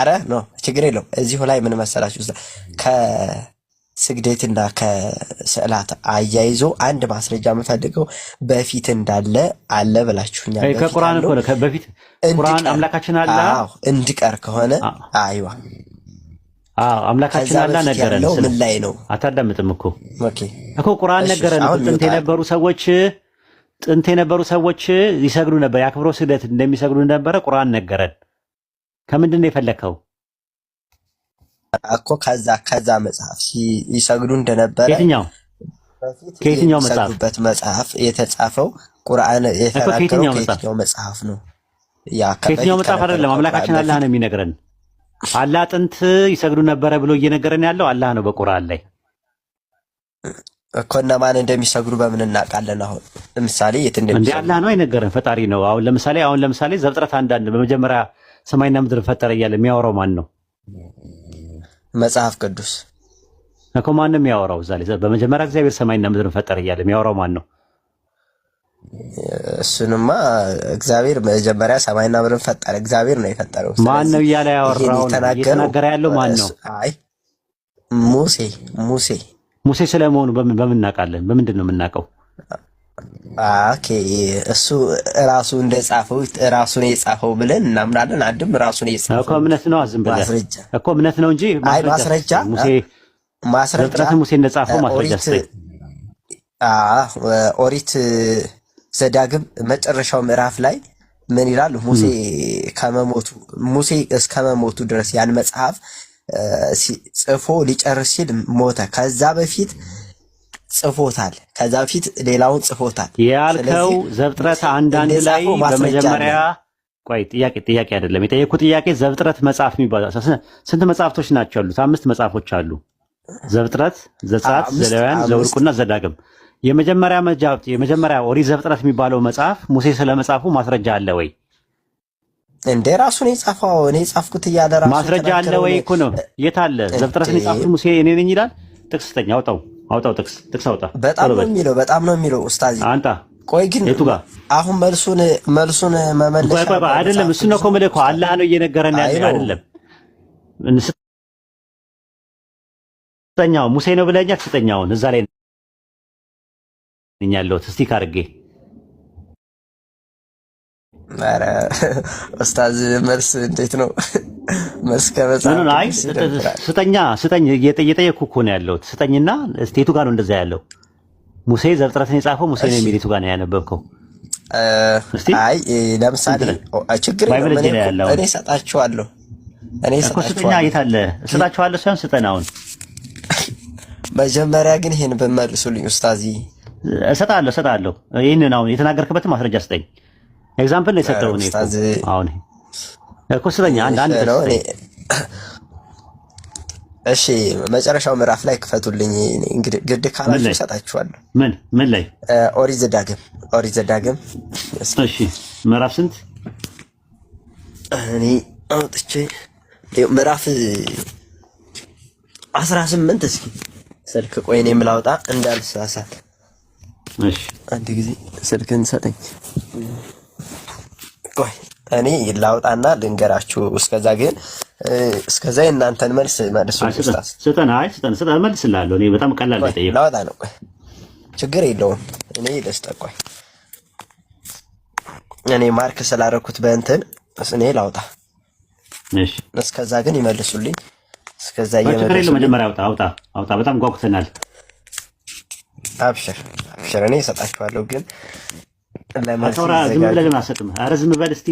አረ ኖ ችግር የለውም። እዚሁ ላይ ምን መሰላችሁ ከስግደትና ከስዕላት አያይዞ አንድ ማስረጃ የምፈልገው በፊት እንዳለ አለ ብላችሁኛል። ከቁርአን እኮ ነው። በፊት ቁርአን አምላካችን አለ እንድቀር ከሆነ አይዋ አምላካችን አላ ነገረን። ምን ላይ ነው? አታዳምጥም እኮ እኮ ቁርአን ነገረን። ጥንት የነበሩ ሰዎች ጥንት የነበሩ ሰዎች ይሰግዱ ነበር፣ የአክብሮ ስግደት እንደሚሰግዱ ነበረ ቁርአን ነገረን። ከምንድን ነው የፈለከው? እኮ ከዛ ከዛ መጽሐፍ ይሰግዱ እንደነበረ ከየትኛው ከየትኛው መጽሐፍ መጽሐፍ የተጻፈው ቁርአን የተናገረው ከየትኛው መጽሐፍ ነው? ያ ከየትኛው መጽሐፍ አይደለም። አምላካችን አላህ ነው የሚነግረን። አላህ ጥንት ይሰግዱ ነበረ ብሎ እየነገረን ያለው አላህ ነው በቁርአን ላይ እኮ እነማን እንደሚሰግዱ በምን እናውቃለን? አሁን ለምሳሌ የት እንደሚሰግዱ አላህ ነው አይነገረን፣ ፈጣሪ ነው። አሁን ለምሳሌ አሁን ለምሳሌ ዘፍጥረት አንዳንድ በመጀመሪያ ሰማይና ምድር ፈጠረ እያለ የሚያወራው ማን ነው? መጽሐፍ ቅዱስ እኮ ማንም የሚያወራው እዛ ላይ በመጀመሪያ እግዚአብሔር ሰማይና ምድር ፈጠረ እያለ የሚያወራው ማን ነው? እሱንማ እግዚአብሔር መጀመሪያ ሰማይና ምድርን ፈጠረ እግዚአብሔር ነው የፈጠረው። ማን ነው እያለ ያወራው? እየተናገረ ያለው ማን ነው? አይ ሙሴ ሙሴ ሙሴ ስለመሆኑ በምን እናውቃለን? በምንድን ነው የምናውቀው? ኦኬ እሱ ራሱ እንደጻፈው ራሱን የጻፈው ብለን እናምናለን። አንድም ራሱን የጻፈው እኮ እምነት ነው። ዝም ብለህ ማስረጃ እኮ እምነት ነው እንጂ ማስረጃ ሙሴ ማስረጃ ሙሴ እንደጻፈው ማስረጃ ኦሪት ዘዳግም መጨረሻው ምዕራፍ ላይ ምን ይላል? ሙሴ ከመሞቱ ሙሴ እስከ መሞቱ ድረስ ያን መጽሐፍ ጽፎ ሊጨርስ ሲል ሞተ። ከዛ በፊት ጽፎታል። ከዛ በፊት ሌላውን ጽፎታል ያልከው ዘፍጥረት አንዳንድ ላይ በመጀመሪያ ቆይ ጥያቄ ጥያቄ አይደለም የጠየኩ ጥያቄ ዘፍጥረት መጽሐፍ የሚባለው ስንት መጽሐፍቶች ናቸው ያሉት? አምስት መጽሐፎች አሉ። ዘፍጥረት፣ ዘጸአት፣ ዘሌዋውያን፣ ዘኍልቍና ዘዳግም። የመጀመሪያ መጃብት የመጀመሪያ ኦሪት ዘፍጥረት የሚባለው መጽሐፍ ሙሴ ስለ መጽሐፉ ማስረጃ አለ ወይ? እንደ ራሱን የጻፈው እኔ የጻፍኩት እያለ ራሱ ማስረጃ አለ ወይ እኮ ነው። የት አለ? ዘፍጥረትን የጻፉት ሙሴ እኔ ነኝ ይላል። ጥቅስ ስጠኝ አውጣው። አውጣው ጥቅስ ጥቅስ አውጣ። በጣም ነው የሚለው በጣም ነው የሚለው ኡስታዝ አንታ ቆይ ግን የቱ ጋር አሁን መልሱን መልሱን መመለስ አይደለም። እሱ ነው ኮመለኮ አላህ ነው እየነገረን ያለ አይደለም። ስጠኛው ሙሴ ነው ብለኛ ስጠኛውን እዛ ላይ እኛለሁ እስቲ ካርጌ ኧረ ኡስታዝ መልስ እንዴት ነው? ስጠኛ ስጠኝ እየጠየኩ እኮ ነው ያለሁት። ስጠኝና እስኪ የቱ ጋር ነው እንደዛ ያለው? ሙሴ ዘፍጥረትን የጻፈው ሙሴ ነው የሚል የቱ ጋር ነው ያነበብከው? አይ ለምሳሌ ችግር እኔ እሰጣችኋለሁ እኔ ስጠኛ የት አለ እሰጣችኋለሁ ሳይሆን ስጠን። አሁን መጀመሪያ ግን ይሄን ብትመልሱልኝ ኡስታዚ። እሰጣለሁ እሰጣለሁ። ይህንን አሁን የተናገርክበትን ማስረጃ ስጠኝ። ኤግዛምፕል ነው የሰጠው ሁኔ አሁን ኮስተኛ አንድ አንድ እሺ መጨረሻው ምዕራፍ ላይ ክፈቱልኝ። እንግዲህ ግድ ካላችሁ እሰጣችኋለሁ። ምን ምን ላይ ኦሪት ዘዳግም ኦሪት ዘዳግም። እሺ ምዕራፍ ስንት? እኔ አውጥቼ ምዕራፍ 18 እስኪ ስልክ ቆይ እኔም ላውጣ እንዳልሳሳት። እሺ አንድ ጊዜ ስልክን ሰጠኝ ቆይ እኔ ላውጣና ልንገራችሁ። እስከዛ ግን እስከዛ እናንተን መልስ መልሱ። መልስላለሁ። በጣም ቀላል ላውጣ ነው፣ ችግር የለውም። እኔ ልስጠቋኝ እኔ ማርክ ስላደረኩት በእንትን እኔ ላውጣ። እስከዛ ግን ይመልሱልኝ። እስከዛ መጀመሪያ አውጣ አውጣ አውጣ። በጣም ጓጉተናል። አብሽር አብሽር፣ እኔ እሰጣችኋለሁ። ግን ለማሰጥ ዝም ብለህ ለማሰጥም፣ አረ ዝም በል እስቲ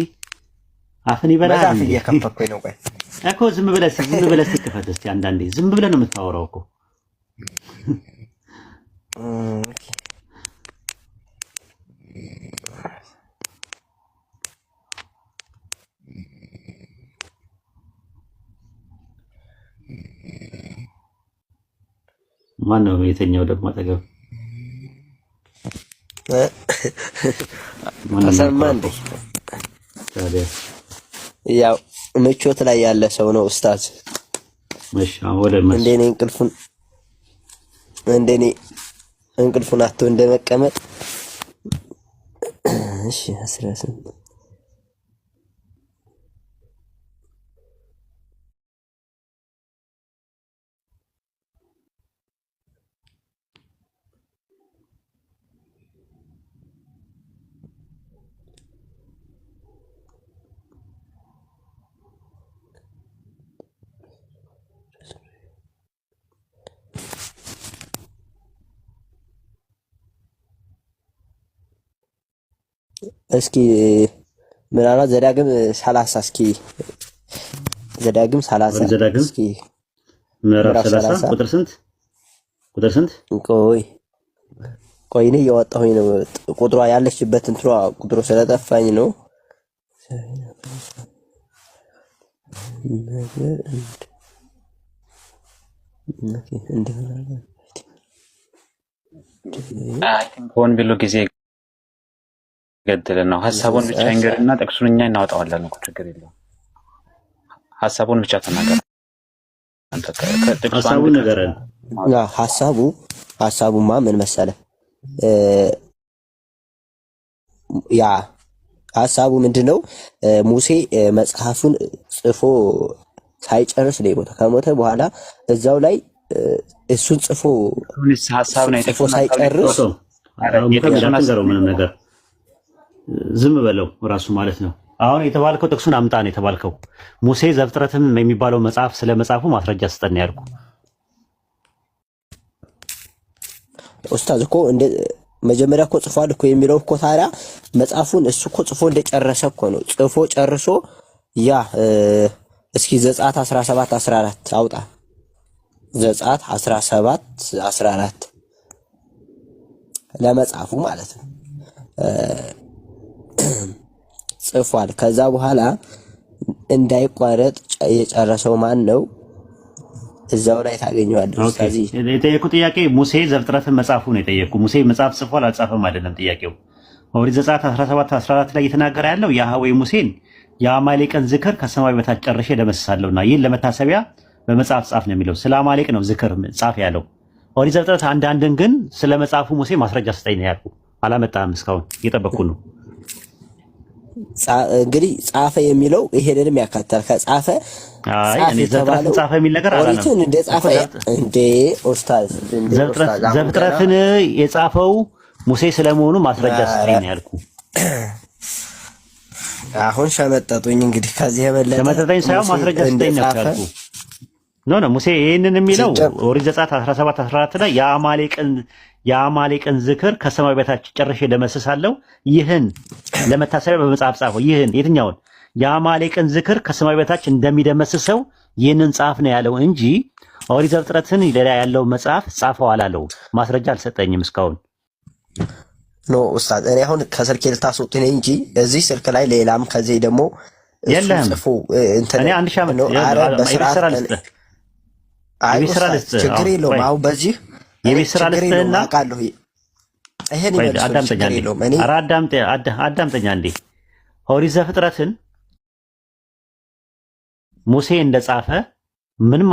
አፍን ይበላል እየከፈኩኝ ነው። ቆይ እኮ ዝም ብለህ ዝም ብለህ ስትከፈት እስቲ አንዳንዴ ዝም ብለህ ነው የምታወራው እኮ ማን ነው የተኛው? ደግሞ አጠገብ አሰማ እንዴ ታዲያ ያው ምቾት ላይ ያለ ሰው ነው ኡስታዝ። እንደኔ እንቅልፉን እንደኔ እንቅልፉን አቶ እንደመቀመጥ እሺ እስኪ ምናልባት ዘዳግም ሰላሳ እስኪ ዘዳግም ሰላሳ እስኪ ምዕራፍ ሰላሳ ቁጥር ስንት ቁጥር ስንት? ቆይ ቆይ እኔ እያወጣሁኝ ነው። ቁጥሯ ያለችበት እንትሯ ቁጥሩ ስለጠፋኝ ነው። ሆን ቢሉ ጊዜ ገድል ነው። ሀሳቡን ብቻ ይንገርና ጥቅሱን እኛ እናወጣዋለን እኮ ችግር የለውም። ሀሳቡን ብቻ ተናገር። ሀሳቡን ሀሳቡ ሀሳቡማ ምን መሰለ ያ ሀሳቡ ምንድን ነው? ሙሴ መጽሐፉን ጽፎ ሳይጨርስ ነው የሞተው። ከሞተ በኋላ እዛው ላይ እሱን ጽፎ ሳይጨርስ ምንም ነገር ዝም በለው ራሱ ማለት ነው። አሁን የተባልከው ጥቅሱን አምጣ ነው የተባልከው። ሙሴ ዘፍጥረትም የሚባለው መጽሐፍ ስለ መጽሐፉ ማስረጃ ስጠን ያልኩ ኡስታዝ እኮ እንደ መጀመሪያ እኮ ጽፏል እኮ የሚለው እኮ ታዲያ መጽሐፉን እሱ እኮ ጽፎ እንደጨረሰ እኮ ነው። ጽፎ ጨርሶ ያ እስኪ ዘጸአት 17 14 አውጣ። ዘጸአት 17 14 ለመጽሐፉ ማለት ነው። ጽፏል። ከዛ በኋላ እንዳይቋረጥ የጨረሰው ማን ነው? እዛው ላይ ታገኘዋለህ። ስለዚህ የጠየቁ ጥያቄ ሙሴ ዘፍጥረትን መጽሐፉ ነው የጠየቁ። ሙሴ መጽሐፍ ጽፏል አልጻፈም አይደለም ጥያቄው። ኦሪት ዘጸአት 17 14 ላይ እየተናገረ ያለው የአህዌ ሙሴን የአማሌቅን ዝክር ከሰማይ በታች ጨርሼ ደመስሳለሁና ይህን ለመታሰቢያ በመጽሐፍ ጻፍ ነው የሚለው። ስለ አማሌቅ ነው ዝክር ጻፍ ያለው ኦሪት ዘፍጥረት አንዳንድን ግን ስለ መጽሐፉ ሙሴ ማስረጃ ስጠኝ ነው ያልኩህ። አላመጣህም። እስካሁን እየጠበቅኩ ነው። እንግዲህ ጻፈ የሚለው ይሄንንም ያካትታል። ከጻፈ ጻፈ የሚል ነገር አላለም። እንደ ጻፈ እንደ ኦስታዝ ዘፍጥረትን የጻፈው ሙሴ ስለመሆኑ ማስረጃ ስሪ ነው ያልኩ። አሁን ሸመጠጡኝ። እንግዲህ ከዚህ የበለጠ ሸመጠጠኝ ሳይሆን ማስረጃ ስሪ ነው ያልኩ። ኖ ኖ ሙሴ ይህንን የሚለው ኦሪት ዘጸአት 17 14 ላይ የአማሌቅን የአማሌቅን ዝክር ከሰማይ በታች ጨርሼ ደመስሳለሁ። ይህን ለመታሰቢያ በመጽሐፍ ጻፈው። ይህን የትኛውን የአማሌቅን ዝክር ከሰማይ በታች እንደሚደመስሰው ይህንን ጻፍ ነው ያለው እንጂ ኦሪት ዘፍጥረትን ሌላ ያለው መጽሐፍ ጻፈው አላለው። ማስረጃ አልሰጠኝም እስካሁን። ኖ ኡስታዝ፣ እኔ አሁን ከስልኬ ልታስወጡኝ እንጂ እዚህ ስልክ ላይ ሌላም ከዚህ ደግሞ የለም ጽፎ እኔ አንድ ሺህ ችግር የለውም አሁን በዚህ የቤት ስራ ልስጥህና አዳምጠኛ እንዴ ኦሪት ዘፍጥረትን ሙሴ እንደጻፈ ምንም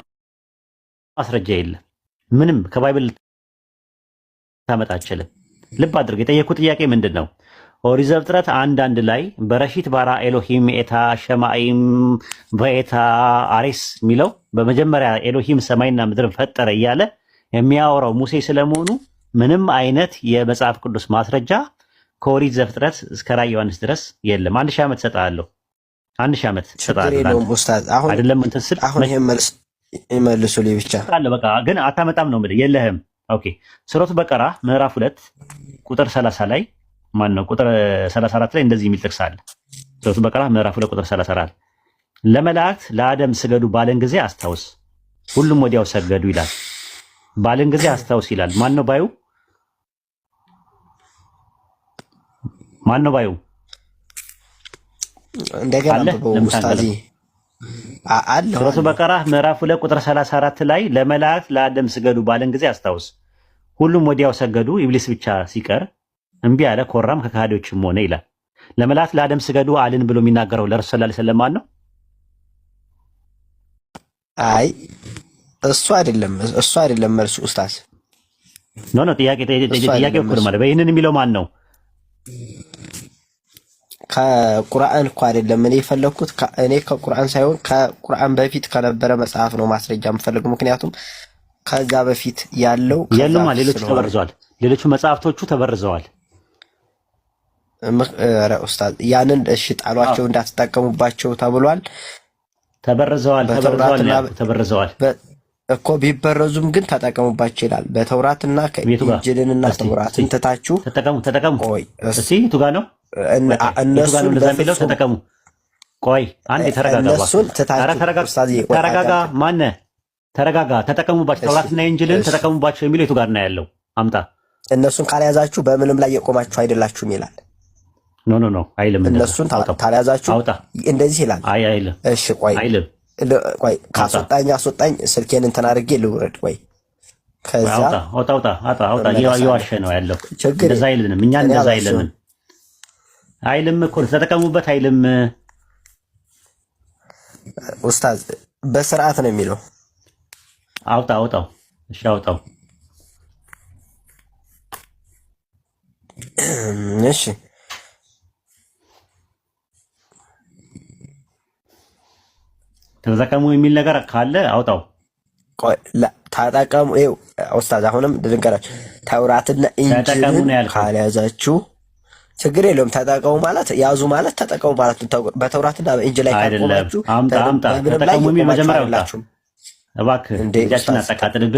ማስረጃ የለም። ምንም ከባይብል ልታመጣ አትችልም። ልብ አድርግ። የጠየኩህ ጥያቄ ምንድን ነው? ኦሪት ዘፍጥረት አንድ አንድ ላይ በረሺት ባራ ኤሎሂም ኤታ ሸማይም በኤታ አሬስ የሚለው በመጀመሪያ ኤሎሂም ሰማይና ምድርን ፈጠረ እያለ የሚያወራው ሙሴ ስለመሆኑ ምንም አይነት የመጽሐፍ ቅዱስ ማስረጃ ከኦሪት ዘፍጥረት እስከ ራዕየ ዮሐንስ ድረስ የለም። አንድ ሺህ ዓመት እሰጥሃለሁ፣ አንድ ሺህ ዓመት እሰጥሃለሁ። አይደለም እንትን ስል አሁን ይሄን መልስ ይመልሱልኝ ብቻ አለ። በቃ ግን አታመጣም ነው የምልህ፣ የለህም። ኦኬ ሱረቱ በቀራ ምዕራፍ ሁለት ቁጥር 30 ላይ ማን ነው? ቁጥር 34 ላይ እንደዚህ የሚል ጥቅስ አለ። ሱረቱ በቀራ ምዕራፍ ሁለት ቁጥር 34 ለመላእክት ለአደም ስገዱ ባለን ጊዜ አስታውስ፣ ሁሉም ወዲያው ሰገዱ ይላል። ባልን ጊዜ አስታውስ ይላል። ማን ነው ባዩ? ማን ነው ባዩ? እንደገና ኡስታዚ አለ ሱረቱ በቀራ ምዕራፍ 2 ቁጥር 34 ላይ ለመላእክት ለአደም ስገዱ ባልን ጊዜ አስታውስ። ሁሉም ወዲያው ሰገዱ፣ ኢብሊስ ብቻ ሲቀር እምቢ አለ፣ ኮራም፣ ከካዲዎችም ሆነ ይላል። ለመላእክት ለአደም ስገዱ አልን ብሎ የሚናገረው ለረሱል ሰለላሁ ዐለይሂ ወሰለም ማን ነው? አይ እሱ አይደለም እሱ አይደለም መልሱ ኡስታዝ ኖ ኖ ጥያቄ ጥያቄ እኮ ማለት ይህንን የሚለው ማን ነው? ከቁርአን እኮ አይደለም እኔ የፈለግኩት እኔ ከቁርአን ሳይሆን ከቁርአን በፊት ከነበረ መጽሐፍ ነው ማስረጃ የምፈልግ። ምክንያቱም ከዛ በፊት ያለው የሉማ ሌሎቹ ተበርዘዋል። ሌሎቹ መጽሐፍቶቹ ተበርዘዋል። ኡስታዝ ያንን እሺ ጣሏቸው እንዳትጠቀሙባቸው ተብሏል። ተበርዘዋል ተበርዘዋል ተበርዘዋል እኮ ቢበረዙም ግን ተጠቀሙባቸው ይላል በተውራትና ከኢንጅልና ተውራትን ትታችሁ ተጠቀሙ ቆይ እስኪ ጋር ነው ተጠቀሙ። ቆይ ተረጋጋ፣ ማነህ ተረጋጋ። ተጠቀሙባቸው ተውራትና ኢንጅልን ተጠቀሙባቸው የሚለው የቱ ጋር ነው ያለው? አምጣ። እነሱን ካልያዛችሁ በምንም ላይ የቆማችሁ አይደላችሁም ይላል። ኖ ኖ ኖ አይልም። እነሱን ካልያዛችሁ እንደዚህ ይላል። አይ አይልም። እሺ ቆይ አይልም ቆይ ካስወጣኝ አስወጣኝ፣ ስልኬን እንትን አድርጌ ልውረድ። ወይ ከዛ አውጣ እየዋሸ ነው ያለው። እንደዛ አይልንም እኛ እንደዛ አይልንም። አይልም እኮ ተጠቀሙበት አይልም። ኡስታዝ በስርዓት ነው የሚለው። አውጣ አውጣው። እሺ አውጣው። እሺ ተጠቀሙ የሚል ነገር ካለ አውጣው። ተጠቀሙ ኡስታዝ፣ አሁንም ልንገራችሁ ተውራትና ኢንጂልን ካልያዛችሁ ችግር የለውም። ተጠቀሙ ማለት ያዙ ማለት ተጠቀሙ ማለት ነው። በተውራትና በኢንጂል ላይ ካልቆማችሁ ተጠቀሙ የሚል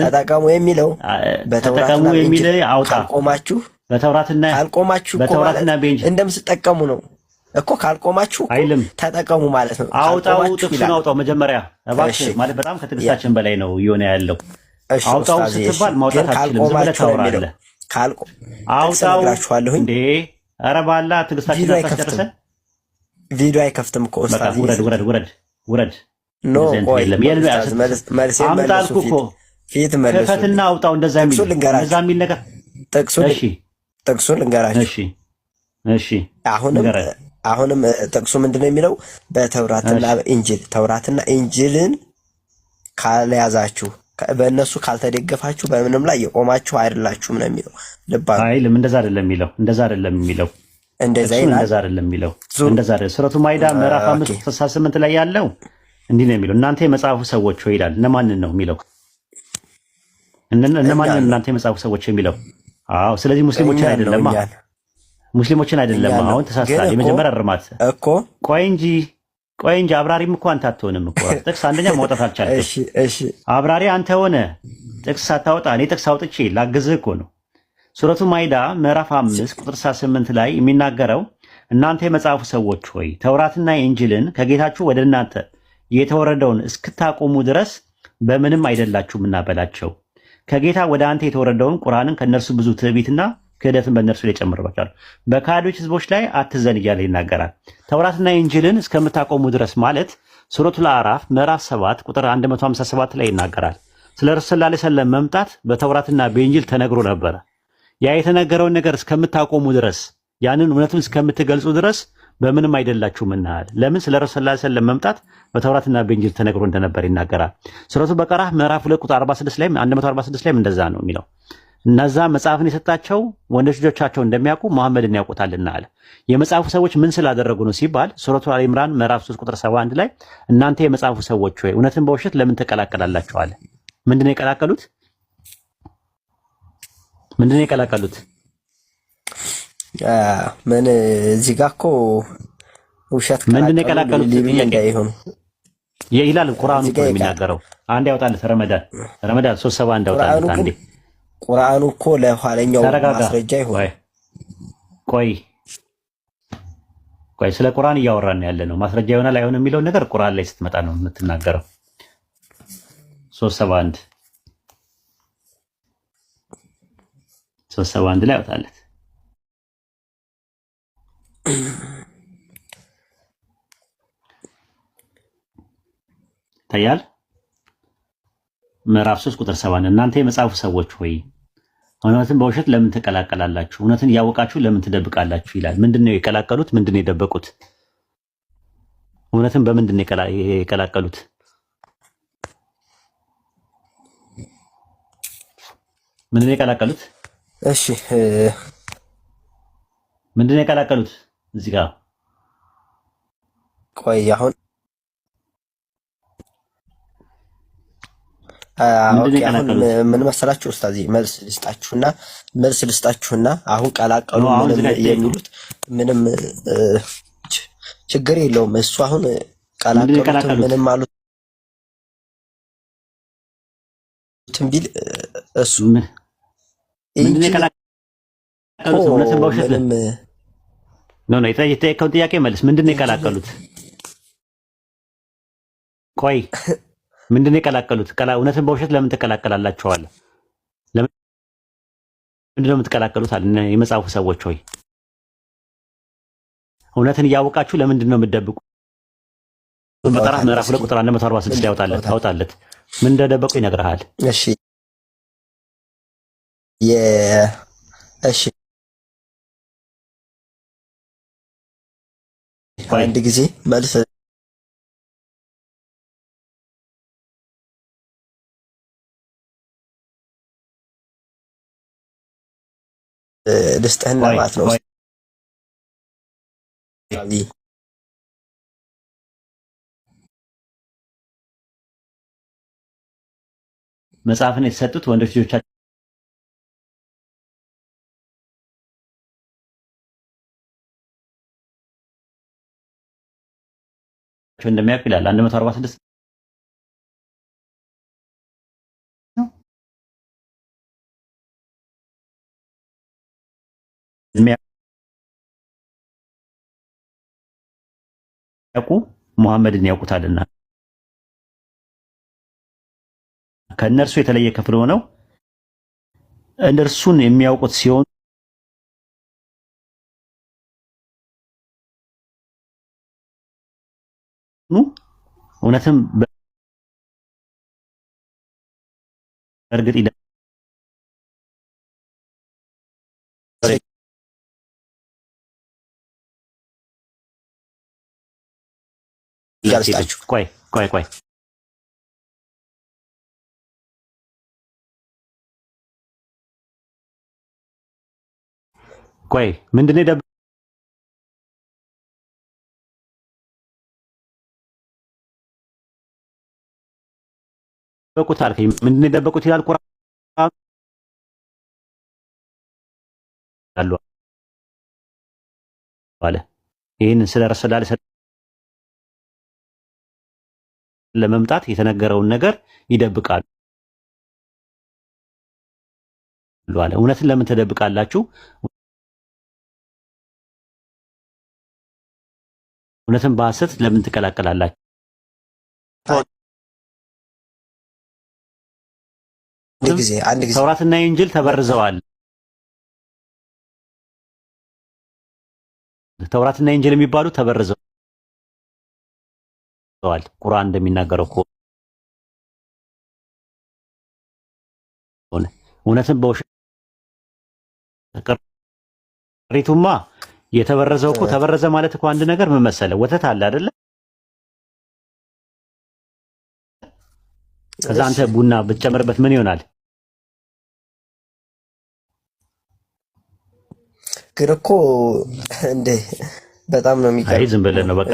ተጠቀሙ የሚለው ተጠቀሙ የሚል አውጣ። ካልቆማችሁ በተውራትና በኢንጂል እንደምትጠቀሙ ነው እኮ ካልቆማችሁ አይልም ተጠቀሙ ማለት ነው። አውጣው፣ አውጣው መጀመሪያ እባክህ። ማለት በጣም ከትዕግስታችን በላይ ነው እየሆነ ያለው። አውጣው ስትባል ማውጣት አትችልም። ዝም ብለህ ታወራለህ። አውጣው እንዴ! ኧረ ባላ ትዕግስታችን ታስጨርሰን። ቪዲዮ አይከፍትም እኮ ኡስታዝ። ውረድ፣ ውረድ፣ ውረድ፣ ውረድ። ኖ አምጣ አልኩህ እኮ ክፈትና አውጣው። እንደዛ የሚል እንደዛ የሚል ነገር ጥቅሱን ጥቅሱን እሺ፣ እሺ፣ አሁንም አሁንም ጥቅሱ ምንድነው የሚለው? በተውራትና ኢንጅል ተውራትና ኢንጅልን ካልያዛችሁ በእነሱ ካልተደገፋችሁ በምንም ላይ የቆማችሁ አይደላችሁም ነው የሚለው። ልባ እንደዛ አይደለም የሚለው እንደዛ አይደለም የሚለው እንደዛ አይደለም የሚለው እንደዛ አይደለም። ሱረቱ ማይዳ ምዕራፍ 5 68 ላይ ያለው እንዲህ ነው የሚለው እናንተ የመጽሐፉ ሰዎች ሆይ ይላል። እነማንን ነው የሚለው? እነማንን እናንተ የመጽሐፉ ሰዎች የሚለው? አዎ፣ ስለዚህ ሙስሊሞችን አይደለም ሙስሊሞችን አይደለም። አሁን ተሳስታል። የመጀመሪያ እርማት እኮ ቆይ እንጂ ቆይ እንጂ አብራሪም እኮ አንተ አትሆንም እኮ ጥቅስ አንደኛ ማውጣት አልቻልኩም። አብራሪ አንተ ሆነ ጥቅስ ሳታወጣ እኔ ጥቅስ አውጥቼ ላግዝህ እኮ ነው። ሱረቱ ማይዳ ምዕራፍ አምስት ቁጥር ስልሳ ስምንት ላይ የሚናገረው እናንተ የመጽሐፉ ሰዎች ሆይ ተውራትና የእንጅልን ከጌታችሁ ወደ እናንተ የተወረደውን እስክታቆሙ ድረስ በምንም አይደላችሁም እናበላቸው። ከጌታ ወደ አንተ የተወረደውን ቁርአንን ከእነርሱ ብዙ ትዕቢትና ክህደትን በእነርሱ ላይ ጨምርባቸዋል፣ በካዶች ህዝቦች ላይ አትዘን እያለ ይናገራል። ተውራትና ኢንጅልን እስከምታቆሙ ድረስ ማለት ሱረቱ ለአራፍ ምዕራፍ 7 ቁጥር 157 ላይ ይናገራል። ስለ ረሱል ላ ሰለም መምጣት በተውራትና በኢንጅል ተነግሮ ነበረ። ያ የተነገረውን ነገር እስከምታቆሙ ድረስ ያንን እውነቱን እስከምትገልጹ ድረስ በምንም አይደላችሁም እናል። ለምን ስለ ረሱል ላ ሰለም መምጣት በተውራትና በእንጅል ተነግሮ እንደነበር ይናገራል። ሱረቱ በቀራ ምዕራፍ 2 ቁጥር 46 ላይ 146 ላይም እንደዛ ነው የሚለው እነዛ መጽሐፍን የሰጣቸው ወንዶች ልጆቻቸው እንደሚያውቁ መሐመድን ያውቁታልና አለ። የመጽሐፉ ሰዎች ምን ስላደረጉ ነው ሲባል ሱረቱ አል ኢምራን ምዕራፍ 3 ቁጥር 71 ላይ እናንተ የመጽሐፉ ሰዎች ወይ እውነትን በውሸት ለምን ተቀላቀላላችሁ? አለ። ምንድን ነው የቀላቀሉት? ምንድን ነው የቀላቀሉት? ምን እዚህ ጋር እኮ ውሸት ምንድን ነው የቀላቀሉት? ይላል ቁርአኑ የሚናገረው አንድ ያውጣለት ረመዳን ረመዳን 3 ያውጣለት አንዴ ቁርአኑ እኮ ለኋለኛው ማስረጃ ይሆን። ቆይ ቆይ፣ ስለ ቁርአን እያወራን ያለ ነው። ማስረጃ ይሆናል አይሆን የሚለውን ነገር ቁርአን ላይ ስትመጣ ነው የምትናገረው። 371 371 ላይ ያወጣለት ይታያል። ምዕራፍ 3 ቁጥር 7 እናንተ የመጽሐፉ ሰዎች ሆይ እውነትን በውሸት ለምን ትቀላቀላላችሁ? እውነትን እያወቃችሁ ለምን ትደብቃላችሁ? ይላል። ምንድን ነው የቀላቀሉት? ምንድን ነው የደበቁት? እውነትን በምንድን ነው የቀላቀሉት? ምንድን ነው የቀላቀሉት? እሺ ምንድን ነው የቀላቀሉት? እዚህ ጋር ቆይ አሁን ምን መሰላችሁ ኡስታዚ መልስ ልስጣችሁና መልስ ልስጣችሁና አሁን ቀላቀሉ የሚሉት ምንም ችግር የለውም። እሱ አሁን ቀላቀሉት ምንም አሉትም ቢል እሱ የተጠየቀውን ጥያቄ መልስ ምንድን ነው የቀላቀሉት? ቆይ ምንድን ነው የቀላቀሉት? እውነትን በውሸት ለምን ትቀላቀላላችኋል? ምንድን ነው የምትቀላቀሉት? አለ የመጽሐፉ ሰዎች ሆይ እውነትን እያወቃችሁ ለምንድን ነው የምትደብቁ? በጠራት ምዕራፍ ሁለት ቁጥር 146 ያወጣለት ታወጣለት ምን እንደደበቁ ይነግርሃል። እሺ የ እሺ አንድ ጊዜ መልስ ደስታህን ለማለት ነው። መጽሐፍን የተሰጡት ወንዶች ልጆቻቸው እንደሚያውቅ ይላል 146 የሚያውቁ ሙሐመድን ያውቁታልና ከእነርሱ የተለየ ክፍል ሆነው እነርሱን የሚያውቁት ሲሆን እውነትም በእርግጥ ጊዜ አልስጣችሁ። ቆይ ቆይ ቆይ ቆይ ምንድን ነው የደበቁት አልከኝ? ምንድን ነው የደበቁት ይላል ቁርአን አለ። ይህንን ስለ ረሱል ለመምጣት የተነገረውን ነገር ይደብቃሉ አለ። እውነትን ለምን ትደብቃላችሁ? እውነትን በሐሰት ለምን ትቀላቀላላችሁ? ተውራትና ኢንጅል ተበርዘዋል። ተውራትና ኢንጅል የሚባሉ ተበርዘዋል። ተጠቅሰዋል። ቁርአን እንደሚናገረው ከሆነ እውነትን በውሸት ቅሪቱማ የተበረዘው እኮ ተበረዘ ማለት እኮ አንድ ነገር ምን መሰለህ፣ ወተት አለ አይደለ? ከዛ አንተ ቡና ብትጨምርበት ምን ይሆናል? ግን እኮ እንዴ በጣም ነው የሚቀር። አይ ዝም ብለህ ነው በቃ።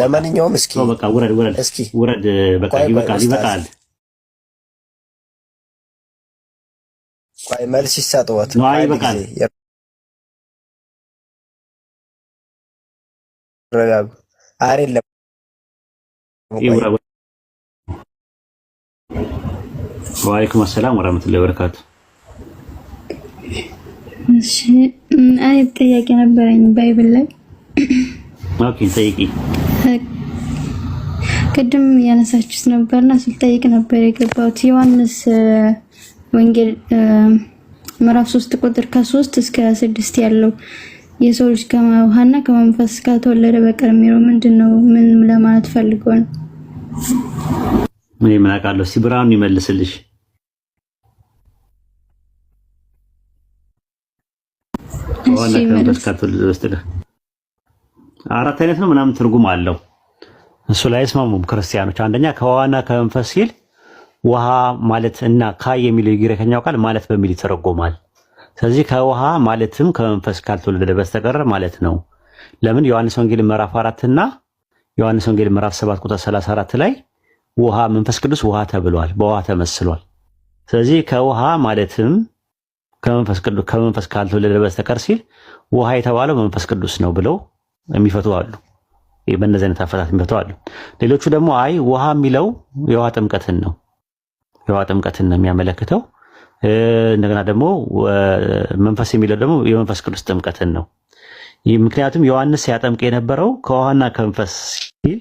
ለማንኛውም እስኪ በቃ ውረድ፣ ውረድ፣ እስኪ ውረድ። በቃ ይበቃል፣ ይበቃል። ቆይ መልስ ይሰጠዋት ነው። አይ በቃ ረጋጉ። አይደለም ወአለይኩም ሰላም ወራህመቱላሂ ወበረካቱ። እሺ አይ ጥያቄ ነበረኝ ባይብል ላይ ኦኬ ጠይቂ። ቅድም ያነሳችሁት ነበርና ስልጠይቅ ነበር የገባሁት ዮሐንስ ወንጌል ምዕራፍ 3 ቁጥር ከሶስት 3 እስከ 6 ያለው የሰው ልጅ ከውሃና ከመንፈስ ከተወለደ በቀር የሚለው ምንድን ነው? ምን ለማለት ፈልጎ ነው? እኔ ምን አውቃለሁ? እስኪ ብርሃኑ ይመልስልሽ። ከመንፈስ ከተወለደ በስተቀር አራት አይነት ነው ምናምን ትርጉም አለው። እሱ ላይ አይስማሙም ክርስቲያኖች። አንደኛ ከውሃና ከመንፈስ ሲል ውሃ ማለት እና ካይ የሚለው የግሪከኛው ቃል ማለት በሚል ይተረጎማል። ስለዚህ ከውሃ ማለትም ከመንፈስ ካልተወለደ በስተቀር ማለት ነው። ለምን ዮሐንስ ወንጌል ምዕራፍ አራት እና ዮሐንስ ወንጌል ምዕራፍ ሰባት ቁጥር ሰላሳ አራት ላይ ውሃ መንፈስ ቅዱስ ውሃ ተብሏል፣ በውሃ ተመስሏል። ስለዚህ ከውሃ ማለትም ከመንፈስ ቅዱስ ከመንፈስ ካልተወለደ በስተቀር ሲል ውሃ የተባለው መንፈስ ቅዱስ ነው ብለው የሚፈቱ አሉ። በእነዚህ አይነት አፈታት የሚፈቱ አሉ። ሌሎቹ ደግሞ አይ ውሃ የሚለው የውሃ ጥምቀትን ነው የውሃ ጥምቀትን ነው የሚያመለክተው። እንደገና ደግሞ መንፈስ የሚለው ደግሞ የመንፈስ ቅዱስ ጥምቀትን ነው። ምክንያቱም ዮሐንስ ሲያጠምቅ የነበረው ከውሃና ከመንፈስ ሲል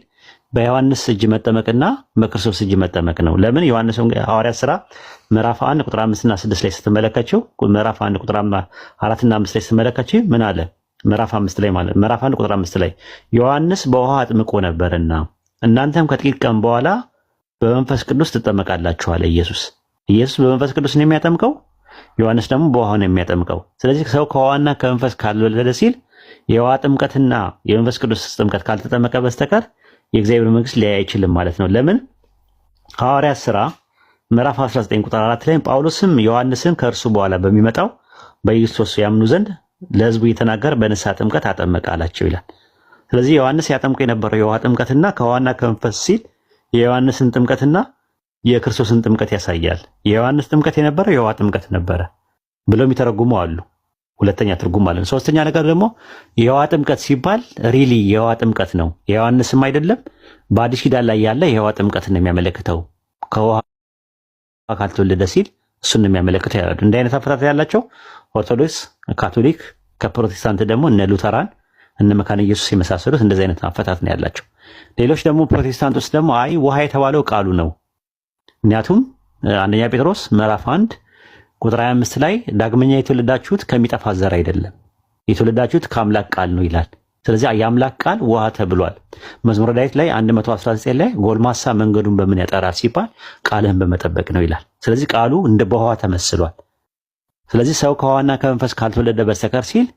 በዮሐንስ እጅ መጠመቅና በክርስቶስ እጅ መጠመቅ ነው። ለምን ዮሐንስ ሐዋርያት ስራ ምዕራፍ 1 ቁጥር 5 እና 6 ላይ ስትመለከችው ምዕራፍ 1 ቁጥር 4 እና 5 ላይ ስትመለከች ምን አለ? ምዕራፍ አምስት ላይ ማለት ምዕራፍ አንድ ቁጥር አምስት ላይ ዮሐንስ በውሃ አጥምቆ ነበርና እናንተም ከጥቂት ቀን በኋላ በመንፈስ ቅዱስ ትጠመቃላችሁ አለ ኢየሱስ። ኢየሱስ በመንፈስ ቅዱስ ነው የሚያጠምቀው፣ ዮሐንስ ደግሞ በውሃ ነው የሚያጠምቀው። ስለዚህ ሰው ከውሃና ከመንፈስ ካልበለደ ሲል የውሃ ጥምቀትና የመንፈስ ቅዱስ ጥምቀት ካልተጠመቀ በስተቀር የእግዚአብሔር መንግስት ሊያይ አይችልም ማለት ነው። ለምን? ሐዋርያት ስራ ምዕራፍ 19 ቁጥር 4 ላይ ጳውሎስም ዮሐንስም ከእርሱ በኋላ በሚመጣው በኢየሱስ ያምኑ ዘንድ ለህዝቡ እየተናገረ በንስሐ ጥምቀት አጠመቀ አላቸው ይላል። ስለዚህ ዮሐንስ ያጠምቁ የነበረው የውሃ ጥምቀትና ከውሃና ከመንፈስ ሲል የዮሐንስን ጥምቀትና የክርስቶስን ጥምቀት ያሳያል። የዮሐንስ ጥምቀት የነበረው የውሃ ጥምቀት ነበረ ብለው የሚተረጉሙ አሉ። ሁለተኛ ትርጉም አለ። ሶስተኛ ነገር ደግሞ የውሃ ጥምቀት ሲባል ሪሊ የውሃ ጥምቀት ነው፣ የዮሐንስም አይደለም። በአዲስ ኪዳን ላይ ያለ የውሃ ጥምቀት ነው የሚያመለክተው ከውሃ ካልተወለደ ሲል እሱን የሚያመለክቱ ያሉ እንዲህ አይነት አፈታት ያላቸው ኦርቶዶክስ፣ ካቶሊክ ከፕሮቴስታንት ደግሞ እነ ሉተራን እነ መካነ ኢየሱስ የመሳሰሉት እንደዚህ አይነት አፈታት ነው ያላቸው። ሌሎች ደግሞ ፕሮቴስታንት ውስጥ ደግሞ አይ ውሃ የተባለው ቃሉ ነው። ምክንያቱም አንደኛ ጴጥሮስ ምዕራፍ አንድ ቁጥር 25 ላይ ዳግመኛ የተወለዳችሁት ከሚጠፋ ዘር አይደለም፣ የተወለዳችሁት ከአምላክ ቃል ነው ይላል። ስለዚህ የአምላክ ቃል ውሃ ተብሏል። መዝሙረ ዳዊት ላይ 119 ላይ ጎልማሳ መንገዱን በምን ያጠራ ሲባል ቃልህን በመጠበቅ ነው ይላል። ስለዚህ ቃሉ እንደ በውሃ ተመስሏል። ስለዚህ ሰው ከውሃና ከመንፈስ ካልተወለደ በስተቀር ሲል